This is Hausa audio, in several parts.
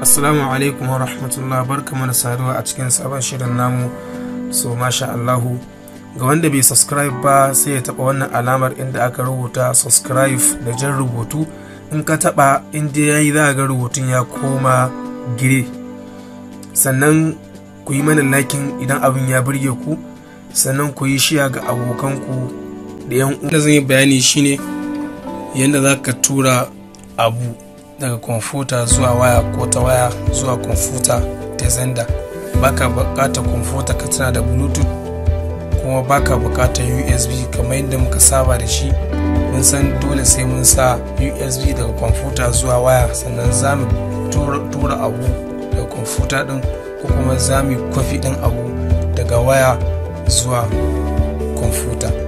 assalamu alaikum wa rahmatullah barka mana saduwa a cikin sabon shirin namu so masha allahu ga wanda bai subscribe ba sai ya taba wannan alamar inda aka rubuta subscribe da jan rubutu in ka taba inda ya yi za ga rubutun ya koma gire sannan ku yi mana lakin idan abin ya burge ku sannan ku yi shiya ga abokanku da yan uwa zan yi bayani shine yadda za ka tura abu daga kwamfuta zuwa waya ko ta waya zuwa kwamfuta ta zanda baka bukata kwamfuta ka tana da bluetooth kuma baka bukata usb kamar yadda muka saba da shi mun san dole sai mun sa usb daga kwamfuta zuwa waya sannan za mu tura abu daga kwamfuta din ko kuma za mu kwafi din abu daga waya zuwa kwamfuta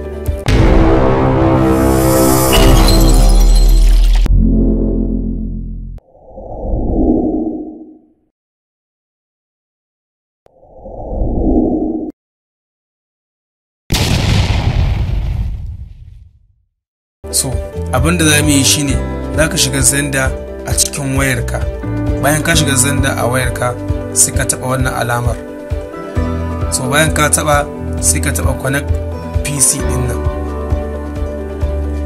so abin da za mu yi shine za ka shiga zanda a cikin wayarka bayan ka shiga zanda a wayarka sai ka taba wannan alamar so bayan ka taba sai ka taba connect pc din nan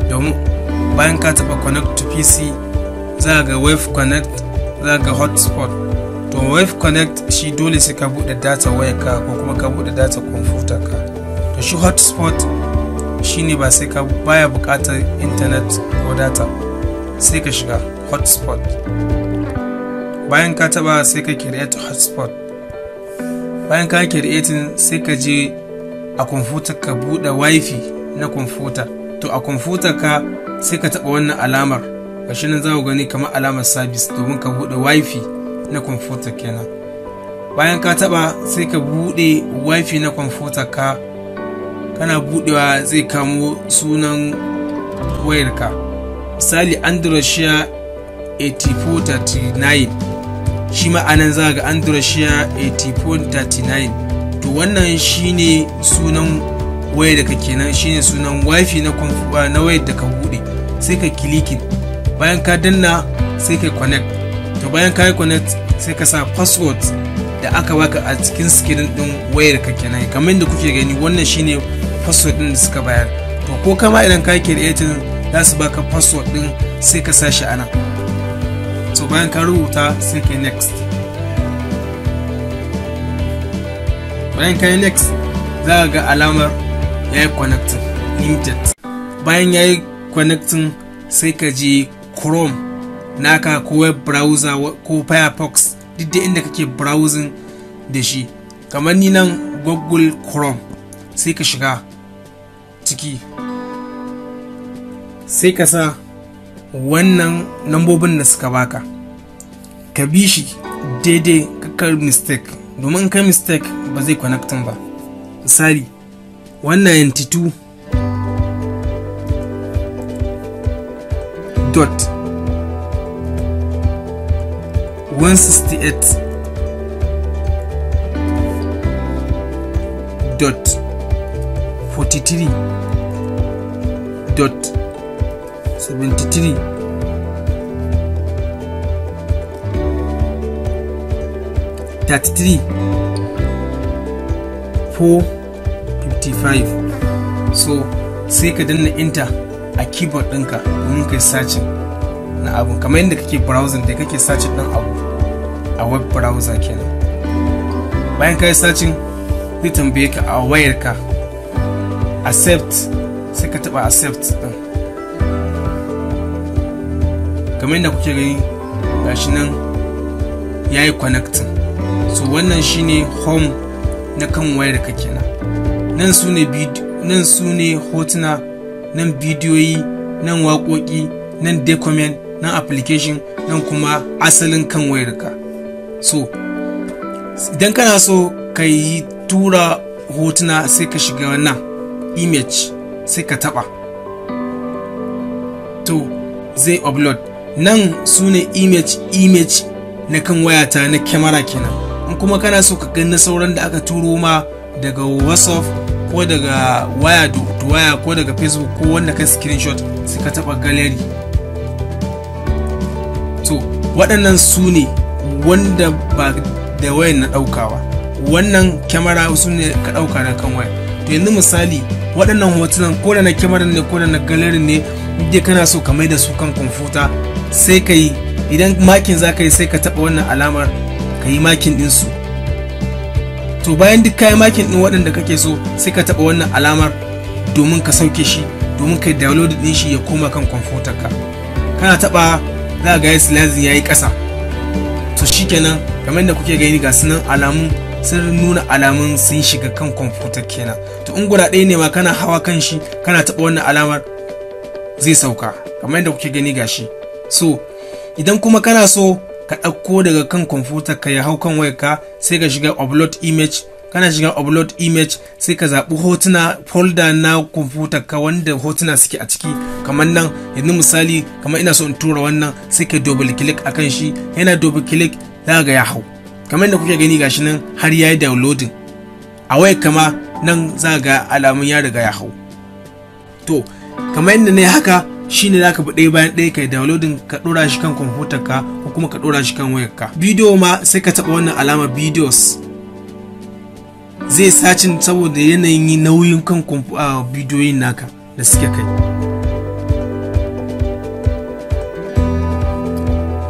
domin bayan ka taba connect to pc za ga wave connect za ga hotspot to wave connect shi dole sai ka bude data wayarka ko kuma ka bude data computer ka to shi hotspot shine ba sai ka baya bukatar intanet ko data sai ka shiga hotspot bayan ka taba sai ka create hotspot bayan ka creating sai ka je a kwamfuta ka bude wifi na kwamfuta to a kwamfuta ka sai ka taba wannan alamar gashi nan za ku gani kamar alamar service domin ka bude wifi na kwamfuta kenan bayan ka taba sai ka bude wifi na kwamfuta ka kana budewa zai kamo sunan wayarka misali androshia 8439 shi ma'anan za ga androshia 8439 to wannan shine sunan wayar da ka kenan shine sunan wifi na na wayar da ka bude sai ka kilikin bayan ka danna sai ka connect to bayan ka yi connect sai ka sa password aka baka a cikin skirin din wayar ka kenan kamar yadda kuke gani wannan shine password din da suka bayar to ko kama idan ka creating za su baka password din sai ka sashi ana so bayan ka rubuta sai ka next bayan ka next za ga alamar ya yi connecting limited bayan ya yi connecting sai ka je chrome naka ko web browser ko firefox duk da inda kake browsing da shi kamar ni nan google chrome sai ka shiga ciki sai ka sa wannan lambobin da suka baka ka bi shi daidai kakar mistake domin ka mistake ba zai connectin ba misali wannan entity dot dot 43 dot 73 33 455 so sai ka danna enter a keyboard ɗinka domin kai sacin na abun kamar yadda kake browsing da kake sacin ɗin abu a web browser kenan bayan kai sacin zai tambaye ka a wayarka accept sai ka taba accept din kamar yadda kuke gani gashi nan ya yi connecting so wannan shine home na kan wayar ka kenan nan su ne nan su ne hotuna nan bidiyoyi nan waƙoƙi nan document nan application nan kuma asalin kan wayarka so idan kana so ka yi tura hotuna sai ka shiga wannan image sai ka taba to zai upload nan su ne image image na kan wayata na kyamara kenan in kuma kana so ka gani sauran da aka turo ma daga whatsapp ko daga waya to waya ko daga facebook ko wanda ka screenshot sai ka taba gallery to waɗannan su ne wanda ba da wayan na ɗaukawa wannan kyamara su ne ka ɗauka na kan waya to yanzu misali waɗannan hotunan ko da na kyamarar ne ko da na galerin ne inda kana so ka mai da su kan kwamfuta sai ka yi idan makin za ka yi sai ka taɓa wannan alamar ka yi makin ɗinsu to bayan duk kayan makin ɗin waɗanda kake so sai ka taɓa wannan alamar domin ka sauke shi domin ka yi download ɗin shi ya koma kan kwamfutar ka kana taɓa za ga ya silazin ya yi ƙasa to shikenan kamar da kuke gani ga sunan alamun sun nuna alamun sun shiga kan kwamfutar kenan to in guda ɗaya ne ma kana hawa kan shi kana taɓa wannan alamar zai sauka kamar yadda kuke gani gashi so idan kuma kana so ka ɗauko daga kan kwamfuta ka ya hau kan wayarka sai ka shiga upload image kana shiga upload image sai ka zaɓi hotuna folder na kwamfutar ka wanda hotuna suke a ciki kamar nan yanzu misali kamar ina so in tura wannan sai ka double click akan shi yana double click za ga ya hau kamar da kuke gani gashi nan har yayi downloading a waya kama nan za ga alamun ya riga ya hau to kamar yadda ne haka shine za ka bi ɗaya bayan ɗaya kai downloading ka ɗora shi kan kwamfutar ka ko kuma ka ɗora shi kan wayar ka bidiyo ma sai ka taɓa wannan alamar videos zai sacin saboda yanayin nauyin kan ah, bidiyoyin naka da suke kai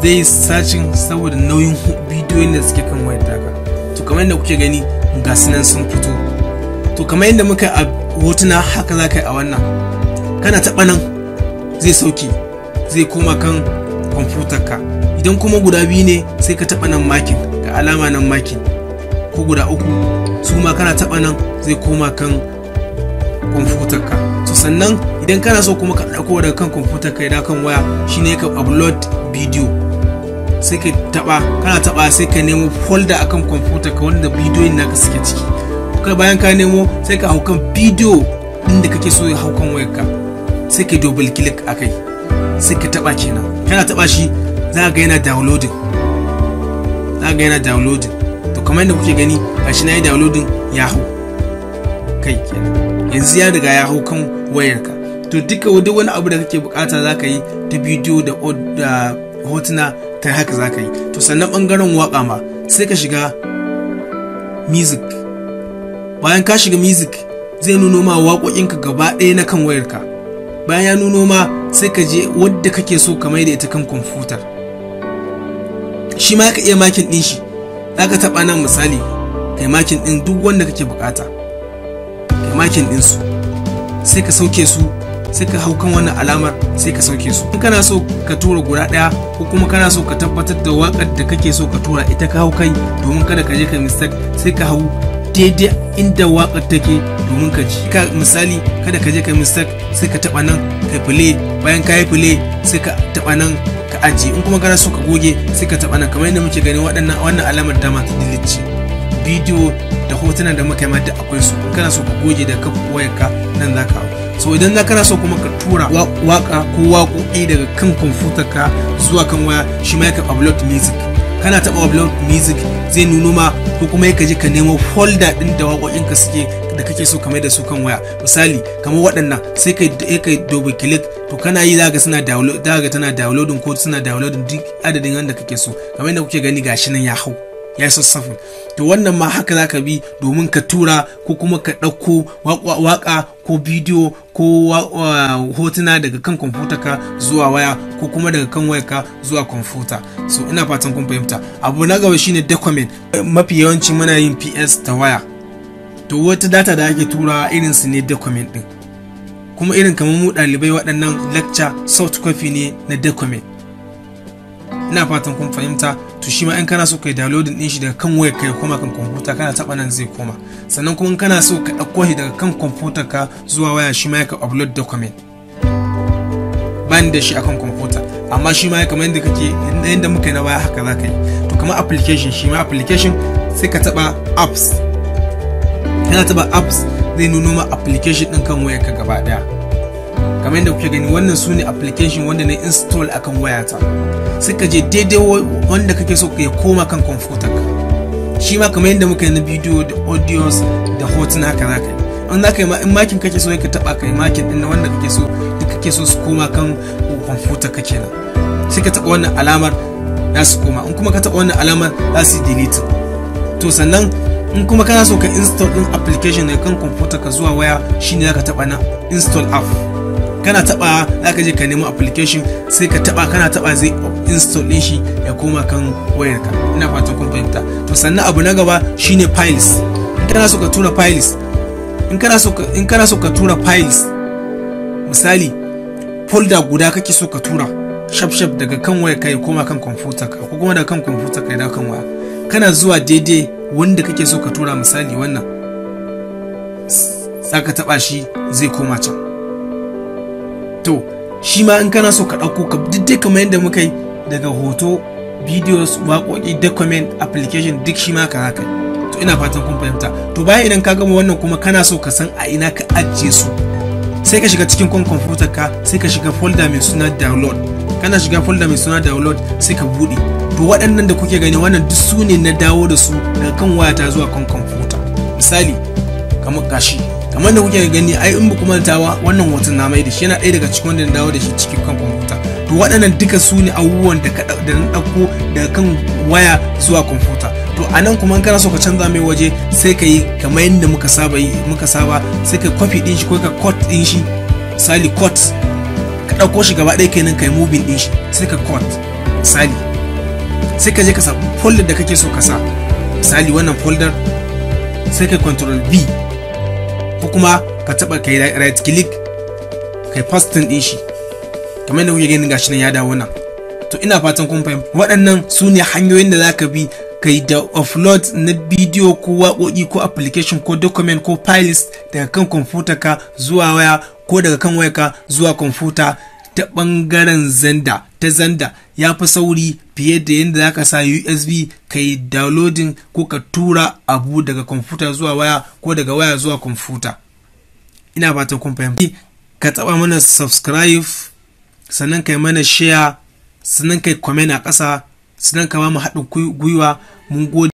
zai sacin saboda nauyin bidiyoyin da suke kan wayar daga to kamar yadda kuke gani ga sunan sun fito to kamar yadda muka a hotuna haka za ka yi a wannan kana taɓa nan zai sauke zai koma kan kwamfutar ka idan kuma guda biyu ne sai ka taɓa nan makin ga alama nan makin ko guda uku su ma kana taɓa nan zai koma kan kwamfutar ka to sannan idan kana so kuma ka ɗauko daga kan kwamfutar ka idan kan waya shine ka upload bidiyo sai ka taba kana taba sai ka nemo folder akan computer ka wanda bidiyoyin naka suke ciki kai bayan ka nemo sai ka haukan bidiyo din da kake so ya haukan wayarka sai ka double click akai sai ka taba kenan kana taba shi za ga yana downloading za ga yana downloading to kamar yadda kuke gani gashi na yi downloading yahoo kai kenan yanzu ya riga ya hau kan wayarka to duka wani abu da kake bukata za ka yi ta bidiyo da hotuna ta haka za ka yi to sannan ɓangaren waƙa ma sai ka shiga music bayan ka shiga music zai nuno ma waƙoƙinka gaba ɗaya na kan wayarka bayan ya nuno ma sai ka je wadda kake so ka maida ita kan kwamfutar shi ma ka iya makin ɗin shi za ka taɓa nan misali kai makin ɗin duk wanda kake buƙata kai makin su sai ka sauke su sai ka hau kan wannan alamar sai ka sauke su in kana so ka tura guda ɗaya ko kuma kana so ka tabbatar da wakar da kake so ka tura ita ka hau kai domin kada ka je ka mistake sai ka hau daidai inda wakar take domin ka ji ka misali kada ka je ka mistake sai ka taba nan ka fule bayan ka yi fule sai ka taba nan ka aje in kuma kana so ka goge sai ka taba nan kamar yadda muke gani waɗannan wannan alamar dama ta dilici bidiyo da hotuna da muka yi mata akwai su kana so ka goge da kafa wayarka nan za ka so idan na kana so kuma ka tura waka ko waƙoƙi daga kan kwamfutar ka zuwa kan waya shi ma yakan upload music kana taɓa upload music zai nuno ma ko kuma yaka je ka nemo folder ɗin da waƙoƙin ka suke da kake so kamar da su kan waya misali kamar waɗannan sai ka kai double click to kana yi zaka suna download zaka tana downloading ko suna downloading duk adadin wanda kake so kamar yadda kuke gani gashi nan ya hau ya sassafin to wannan ma haka za ka bi domin ka tura ko kuma ka ɗauko waka ko bidiyo ko hotuna daga kan kwamfuta ka zuwa waya ko kuma daga kan waya ka zuwa kwamfuta so ina fatan kun fahimta abu na gaba shine document mafi yawanci muna yin ps ta waya to wata data da ake turawa irin su ne document din kuma irin kamar mu ɗalibai waɗannan lecture soft copy ne na document ina fatan kun fahimta to shi ma in kana so kai downloading din shi daga kan wayar ka koma kan kwamfuta kana taba nan zai koma sannan kuma in kana so ka ɗauko shi daga kan kwamfutar ka zuwa waya shi ma ka upload document ban da shi akan kwamfuta amma shi ma kamar yadda kake yadda muka yi na waya haka za ka yi to kamar application shi ma application sai ka taba apps kana taba apps zai nuno ma application din kan wayar ka gaba daya kamar yadda kuke gani wannan su ne application wanda na install a kan wayata ka je daidai wanda kake so ya koma kan kwamfutar ka shi ma kamar yadda muka yi na bidiyo da audios da hotuna haka za ka yi an za ka yi in makin kake so ka taba ka yi makin din wanda kake so duk kake so su koma kan kwamfutar ka kenan sai ka taba wannan alamar za su koma in kuma ka taba wannan alamar za su delete to sannan in kuma kana so ka install din application daga kan kwamfutar ka zuwa waya shine za ka taba na install app kana taba zaka je ka nemo application sai ka taba kana taba zai install din shi ya koma kan wayarka ina fatan kun fahimta to sannan abu na gaba shine files in kana so ka tura files in kana so ka in kana so ka tura files misali folder guda kake so ka tura shaf shaf daga kan wayarka ya koma kan computer ka ko kuma daga kan computer ka ya dawo kan waya kana zuwa daidai wanda kake so ka tura misali wannan za ka taba shi zai koma can to shi ma in kana so ka ɗauko ka duk kamar yadda muka yi daga hoto videos waƙoƙi document application duk shi ma ka haka to ina fatan kun fahimta to bayan idan ka gama wannan kuma kana so ka san a ina ka ajiye su sai ka shiga cikin kwan kwamfutar ka sai ka shiga folder mai suna download kana shiga folder mai suna download sai ka buɗe to waɗannan da kuke gani wannan duk su ne na dawo da su daga kan wayata zuwa kwan kwamfuta misali kamar gashi kamar da kuke gani ai in ba kuma wannan hoton na mai da shi yana ɗaya daga cikin wanda na dawo da shi cikin kan kwamfuta to waɗannan duka su ne abubuwan da na ɗauko daga kan waya zuwa kwamfuta to a nan kuma kana so ka canza mai waje sai ka yi kamar yadda muka saba muka saba sai ka kwafi ɗin shi ko ka kot ɗin shi sali kot ka ɗauko shi gaba ɗaya kenan ka yi mubin ɗin shi sai ka kot sali sai ka je ka sa folder da kake so ka sa misali wannan folder sai ka control v ko kuma ka taɓa kai right click kai fasting din shi kamar yadda kuke ganin gashi nan ya dawo wannan to ina fatan kun fahimta waɗannan su ne hanyoyin da zaka bi kai da upload na bidiyo ko waƙoƙi ko application ko document ko files daga kan kwamfuta ka zuwa waya ko daga kan waya ka zuwa kwamfuta ta ɓangaren zanda ta zanda ya fi sauri fiye da yadda za ka sa usb ka yi downloading ko ka tura abu daga kwamfuta zuwa waya ko daga waya zuwa kwamfuta ina ta kun fahimta ka taɓa mana subscribe sannan ka yi mana share sannan ka yi comment a ƙasa sannan ka ba mu haɗin gwiwa mun gode